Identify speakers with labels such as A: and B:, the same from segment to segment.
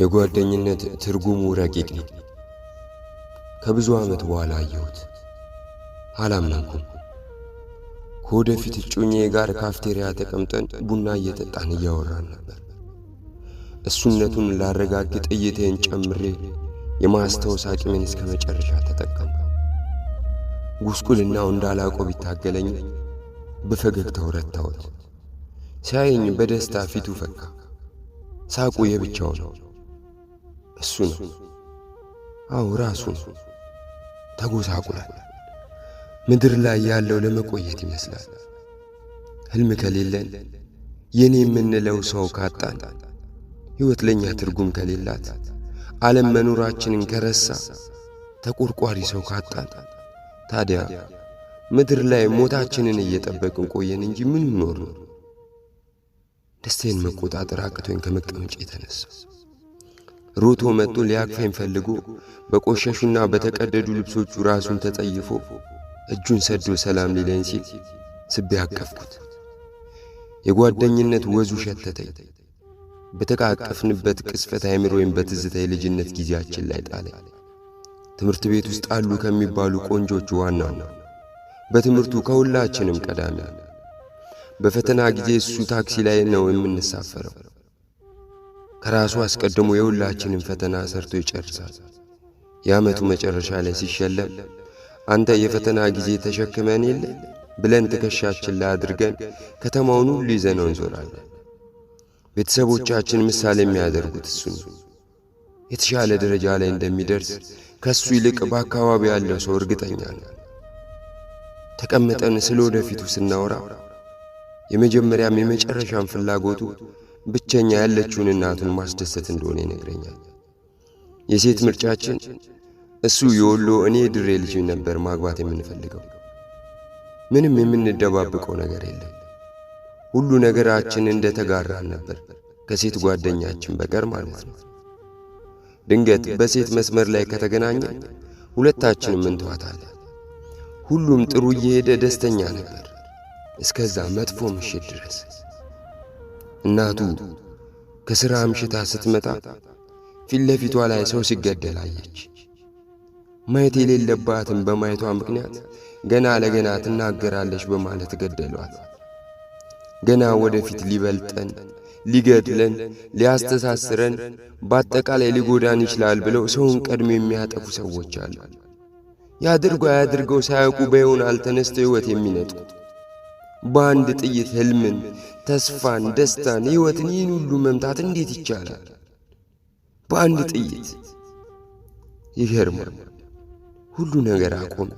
A: የጓደኝነት ትርጉሙ ረቂቅ ነው። ከብዙ ዓመት በኋላ አየሁት፣ አላመንኩም። ከወደፊት እጩኜ ጋር ካፍቴሪያ ተቀምጠን ቡና እየጠጣን እያወራን ነበር። እሱነቱን ላረጋግጥ እይቴን ጨምሬ የማስታወስ አቅሜን እስከ መጨረሻ ተጠቀምኩ። ጉስቁልናው እንዳላቆብ ቢታገለኝ በፈገግታው ረታሁት። ሲያየኝ በደስታ ፊቱ ፈካ። ሳቁ የብቻው ነው። እሱ ነው። አዎ ራሱ ነው። ተጎሳቁሏል። ምድር ላይ ያለው ለመቆየት ይመስላል። ህልም ከሌለን የኔ የምንለው ሰው ካጣን፣ ሕይወት ለእኛ ትርጉም ከሌላት፣ ዓለም መኖራችንን ከረሳ፣ ተቆርቋሪ ሰው ካጣን፣ ታዲያ ምድር ላይ ሞታችንን እየጠበቅን ቆየን እንጂ ምን ኖር ነው? ደስታዬን መቆጣጠር አቅቶኝ ከመቀመጫ የተነሳ ሮቶ መጥቶ ሊያቅፈኝ ፈልጎ በቆሸሹና በተቀደዱ ልብሶቹ ራሱን ተጸይፎ እጁን ሰዶ ሰላም ሊለኝ ሲል ስቤ አቀፍኩት። የጓደኝነት ወዙ ሸተተኝ። በተቃቀፍንበት ቅስፈት አይምሮዬን በትዝታ የልጅነት ጊዜያችን ላይ ጣለኝ። ትምህርት ቤት ውስጥ አሉ ከሚባሉ ቆንጆቹ ዋና ነው። በትምህርቱ ከሁላችንም ቀዳሚ። በፈተና ጊዜ እሱ ታክሲ ላይ ነው የምንሳፈረው። ከራሱ አስቀድሞ የሁላችንን ፈተና ሰርቶ ይጨርሳል። የዓመቱ መጨረሻ ላይ ሲሸለም አንተ የፈተና ጊዜ ተሸክመን የለ ብለን ትከሻችን ላይ አድርገን ከተማውን ሁሉ ይዘነው እንዞራለን። ቤተሰቦቻችን ምሳሌ የሚያደርጉት እሱ ነው። የተሻለ ደረጃ ላይ እንደሚደርስ ከእሱ ይልቅ በአካባቢ ያለው ሰው እርግጠኛ ነው። ተቀምጠን ስለ ወደፊቱ ስናወራ የመጀመሪያም የመጨረሻም ፍላጎቱ ብቸኛ ያለችውን እናቱን ማስደሰት እንደሆነ ይነግረኛል። የሴት ምርጫችን እሱ የወሎ እኔ ድሬ ልጅ ነበር ማግባት የምንፈልገው። ምንም የምንደባብቀው ነገር የለም። ሁሉ ነገራችን እንደ ተጋራን ነበር፣ ከሴት ጓደኛችን በቀር ማለት ነው። ድንገት በሴት መስመር ላይ ከተገናኘ ሁለታችንም እንተዋታለን። ሁሉም ጥሩ እየሄደ ደስተኛ ነበር፣ እስከዛ መጥፎ ምሽት ድረስ እናቱ ከሥራ አምሽታ ስትመጣ ፊት ለፊቷ ላይ ሰው ሲገደል አየች። ማየት የሌለባትን በማየቷ ምክንያት ገና ለገና ትናገራለች በማለት ገደሏት። ገና ወደፊት ሊበልጠን፣ ሊገድለን፣ ሊያስተሳስረን በአጠቃላይ ሊጎዳን ይችላል ብለው ሰውን ቀድሞ የሚያጠፉ ሰዎች አሉ። ያድርጎ አያድርገው ሳያውቁ በይሆናል ተነስተው ሕይወት የሚነጡት በአንድ ጥይት ህልምን፣ ተስፋን፣ ደስታን፣ ሕይወትን ይህን ሁሉ መምታት እንዴት ይቻላል? በአንድ ጥይት ይገርማል። ሁሉ ነገር አቆመ።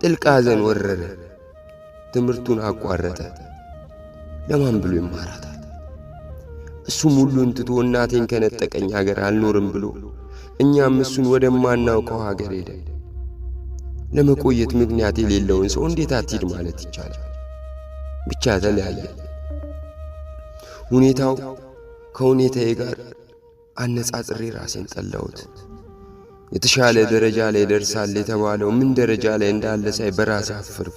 A: ጥልቅ ሐዘን ወረረ። ትምህርቱን አቋረጠ። ለማን ብሎ ይማራታል? እሱም ሁሉን ትቶ እናቴን ከነጠቀኝ ሀገር አልኖርም ብሎ እኛም እሱን ወደማናውቀው ሀገር ሄደ። ለመቆየት ምክንያት የሌለውን ሰው እንዴት አትሂድ ማለት ይቻላል? ብቻ ተለያየ። ሁኔታው ከሁኔታዬ ጋር አነጻጽሬ ራሴን ጠላሁት። የተሻለ ደረጃ ላይ ደርሳል የተባለው ምን ደረጃ ላይ እንዳለ ሳይ በራሴ አፈርኩ።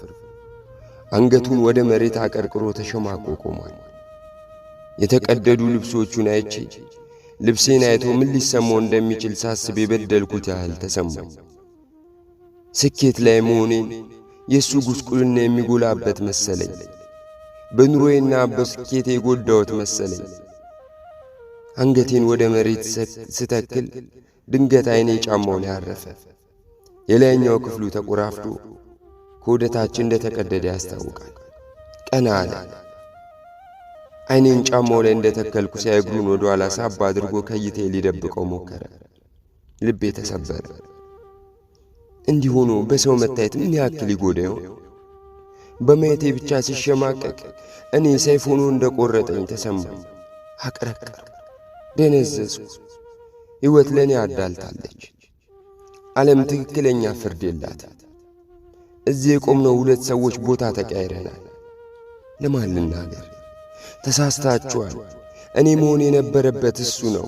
A: አንገቱን ወደ መሬት አቀርቅሮ ተሸማቆ ቆሟል። የተቀደዱ ልብሶቹን አይቼ ልብሴን አይቶ ምን ሊሰማው እንደሚችል ሳስብ የበደልኩት ያህል ተሰማኝ። ስኬት ላይ መሆኔን የእሱ ጉስቁልና የሚጎላበት መሰለኝ። በኑሮዬና በስኬቴ የጎዳሁት መሰለኝ። አንገቴን ወደ መሬት ስተክል ድንገት ዐይኔ ጫማውን ያረፈ የላይኛው ክፍሉ ተቆራፍዶ ከወደታችን እንደ ተቀደደ ያስታውቃል። ቀና አለ። ዐይኔን ጫማው ላይ እንደ ተከልኩ ሲያይ እግሩን ወደ ኋላ ሳባ አድርጎ ከይቴ ሊደብቀው ሞከረ። ልቤ ተሰበረ። እንዲህ ሆኖ በሰው መታየት ምን ያክል ይጎዳ ይሆን? በማየቴ ብቻ ሲሸማቀቅ እኔ ሰይፉኑ እንደ ቆረጠኝ ተሰማኝ። አቀረቀር ደነዘዝኩ። ሕይወት ለእኔ አዳልታለች። ዓለም ትክክለኛ ፍርድ የላት። እዚህ የቆምነው ሁለት ሰዎች ቦታ ተቀያይረናል። ለማን ልናገር? ተሳስታችኋል። እኔ መሆን የነበረበት እሱ ነው፣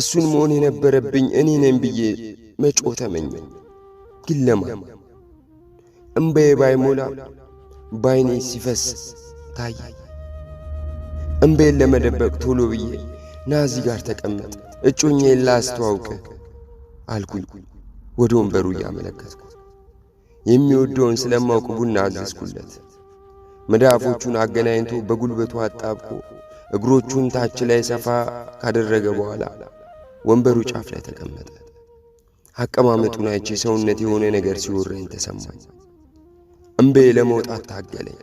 A: እሱን መሆን የነበረብኝ እኔ ነኝ ብዬ መጮ ተመኘ። ግን ለማን እምባዬ ባይሞላ ባይኔ ሲፈስ ታየ። እምቤን ለመደበቅ ቶሎ ብዬ ናዚ ጋር ተቀመጥ፣ እጩኜን ላስተዋውቅ አልኩኝ። ወደ ወንበሩ እያመለከትኩ የሚወደውን ስለማውቅ ቡና አዘዝኩለት። መዳፎቹን አገናኝቶ በጉልበቱ አጣብቆ እግሮቹን ታች ላይ ሰፋ ካደረገ በኋላ ወንበሩ ጫፍ ላይ ተቀመጠ። አቀማመጡን አይቼ ሰውነት የሆነ ነገር ሲወረኝ ተሰማኝ። እምቤ ለመውጣት ታገለኝ።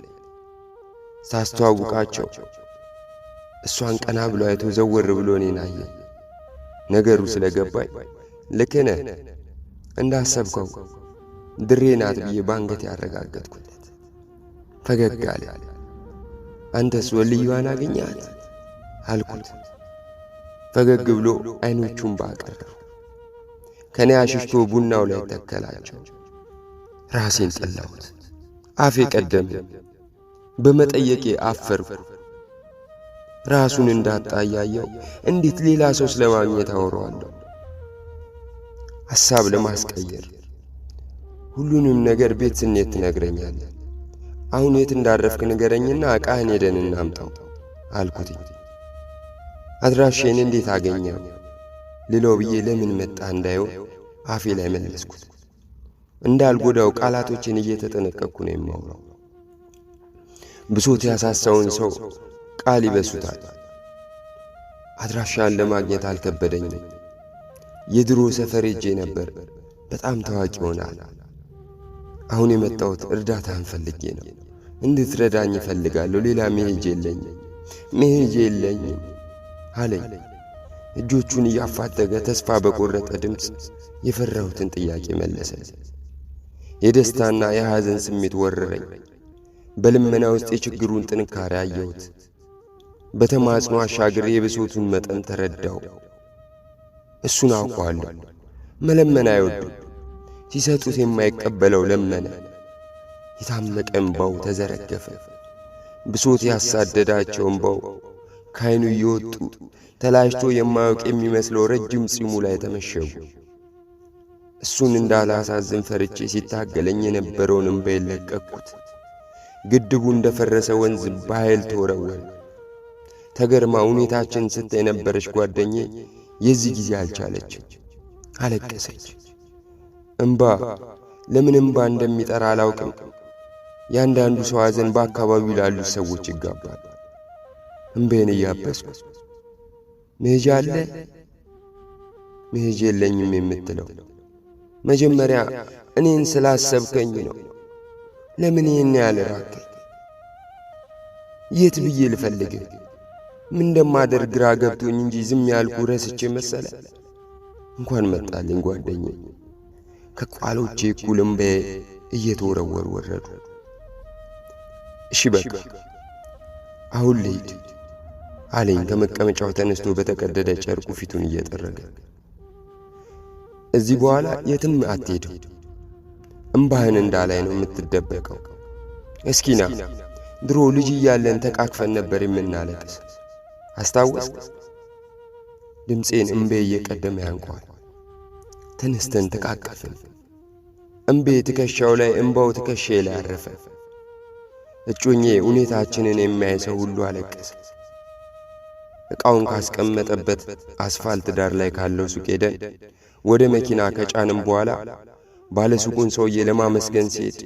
A: ሳስተዋውቃቸው እሷን ቀና ብሎ አይቶ ዘወር ብሎ እኔን አየ። ነገሩ ስለገባኝ ልክነ እንዳሰብከው ድሬ ናት ብዬ ባንገት ያረጋገጥኩለት ፈገግ አለ። አንተስ ወልዩዋን አገኛት አልኩት። ፈገግ ብሎ አይኖቹን ባቀረሩ ከኔ አሽሽቶ ቡናው ላይ ተከላቸው። ራሴን ጠላሁት። አፌ ቀደመ። በመጠየቄ አፈርኩ። ራሱን እንዳጣ እያየው እንዴት ሌላ ሰው ስለማግኘት አወራዋለሁ? ሐሳብ ለማስቀየር ሁሉንም ነገር ቤት ስኔት ትነግረኛለህ። አሁን የት እንዳረፍክ ንገረኝና ዕቃህን ሄደን እናምጣው አልኩትኝ። አድራሼን እንዴት አገኘው ልለው ብዬ ለምን መጣ እንዳየው አፌ ላይ መለስኩት። እንዳልጎዳው ቃላቶችን እየተጠነቀቅኩ ነው የማውራው። ብሶት ያሳሳውን ሰው ቃል ይበሱታል። አድራሻን ለማግኘት አልከበደኝም። የድሮ ሰፈር ሄጄ ነበር። በጣም ታዋቂ ይሆናል። አሁን የመጣሁት እርዳታህን ፈልጌ ነው። እንድትረዳኝ እፈልጋለሁ። ሌላ መሄጃ የለኝም፣ መሄጃ የለኝም አለኝ። እጆቹን እያፋጠገ ተስፋ በቆረጠ ድምፅ የፈራሁትን ጥያቄ መለሰ። የደስታና የሐዘን ስሜት ወረረኝ። በልመና ውስጥ የችግሩን ጥንካሬ አየሁት። በተማጽኖ አሻግሬ የብሶቱን መጠን ተረዳው። እሱን አውቀዋለሁ። መለመን አይወድም። ሲሰጡት የማይቀበለው ለመነ። የታመቀ እምባው ተዘረገፈ። ብሶት ያሳደዳቸው እምባው ከዐይኑ እየወጡ ተላጭቶ የማያውቅ የሚመስለው ረጅም ጺሙ ላይ ተመሸጉ። እሱን እንዳላሳዝን ፈርቼ ሲታገለኝ የነበረውን እንባ ለቀቅኩት። ግድቡ እንደፈረሰ ወንዝ በኃይል ተወረወረ። ተገርማ ሁኔታችን ስታይ የነበረች ጓደኜ የዚህ ጊዜ አልቻለች፣ አለቀሰች። እምባ ለምን እምባ እንደሚጠራ አላውቅም። ያንዳንዱ ሰው ሐዘን በአካባቢው ላሉ ሰዎች ይጋባል። እምባዬን እያበስኩ መሄጃ አለ መሄጃ የለኝም የምትለው መጀመሪያ እኔን ስላሰብከኝ ነው። ለምን ይህን ያህል ራቀኝ? የት ብዬ ልፈልግ? ምን እንደማደርግ ግራ ገብቶኝ እንጂ ዝም ያልኩ ረስቼ መሰለ። እንኳን መጣልኝ ጓደኛዬ። ከቋሎቼ እኩልም በ እየተወረወሩ ወረዱ። እሺ በቃ አሁን ልሂድ አለኝ ከመቀመጫው ተነስቶ በተቀደደ ጨርቁ ፊቱን እየጠረገ እዚህ በኋላ የትም አትሄድም። እምባህን እንዳላይ ነው የምትደበቀው። እስኪና ድሮ ልጅ እያለን ተቃቅፈን ነበር የምናለቅስ አስታወስ። ድምፄን እምቤ እየቀደመ ያንቋል። ተነስተን ተቃቀፍን። እምቤ ትከሻው ላይ፣ እምባው ትከሻ ላይ አረፈ። እጮኜ ሁኔታችንን የሚያይ ሰው ሁሉ አለቀሰ። ዕቃውን ካስቀመጠበት አስፋልት ዳር ላይ ካለው ሱቅ ሄደን ወደ መኪና ከጫንም በኋላ ባለሱቁን ሰውዬ ለማመስገን ሲሄድ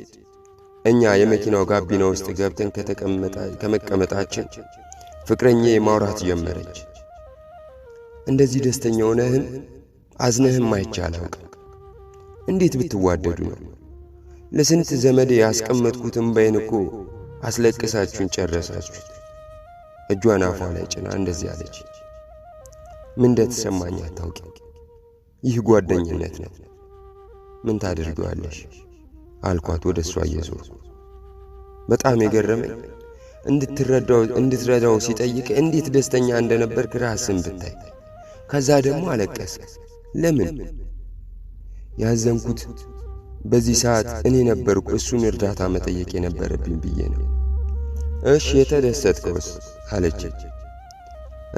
A: እኛ የመኪናው ጋቢና ውስጥ ገብተን ከመቀመጣችን ፍቅረኛ ማውራት ጀመረች። እንደዚህ ደስተኛ ሆነህም አዝነህም አይቻላውቅ። እንዴት ብትዋደዱ ነው? ለስንት ዘመዴ ያስቀመጥኩትን በይን እኮ አስለቅሳችሁን ጨረሳችሁ። እጇን አፏ ላይ ጭና እንደዚህ አለች። ምን እንደተሰማኝ አታውቂም። ይህ ጓደኝነት ነው፣ ምን ታደርገዋለሽ አልኳት ወደ እሷ እየዞርኩ። በጣም የገረመኝ እንድትረዳው ሲጠይቅ እንዴት ደስተኛ እንደነበርክ ራስን ብታይ። ከዛ ደግሞ አለቀስክ። ለምን? ያዘንኩት በዚህ ሰዓት እኔ ነበርኩ እሱን እርዳታ መጠየቅ የነበረብኝ ብዬ ነው። እሽ የተደሰትከውስ? አለች።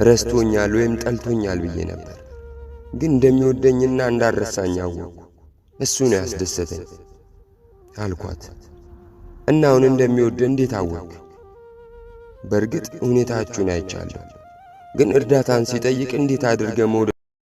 A: ረስቶኛል ወይም ጠልቶኛል ብዬ ነበር ግን እንደሚወደኝና እንዳረሳኝ አወቅኩ። እሱ ነው ያስደሰተኝ አልኳት። እና አሁን እንደሚወደ እንዴት አወቅ በእርግጥ ሁኔታችሁን አይቻለሁ፣ ግን እርዳታን ሲጠይቅ እንዴት አድርገ መውደ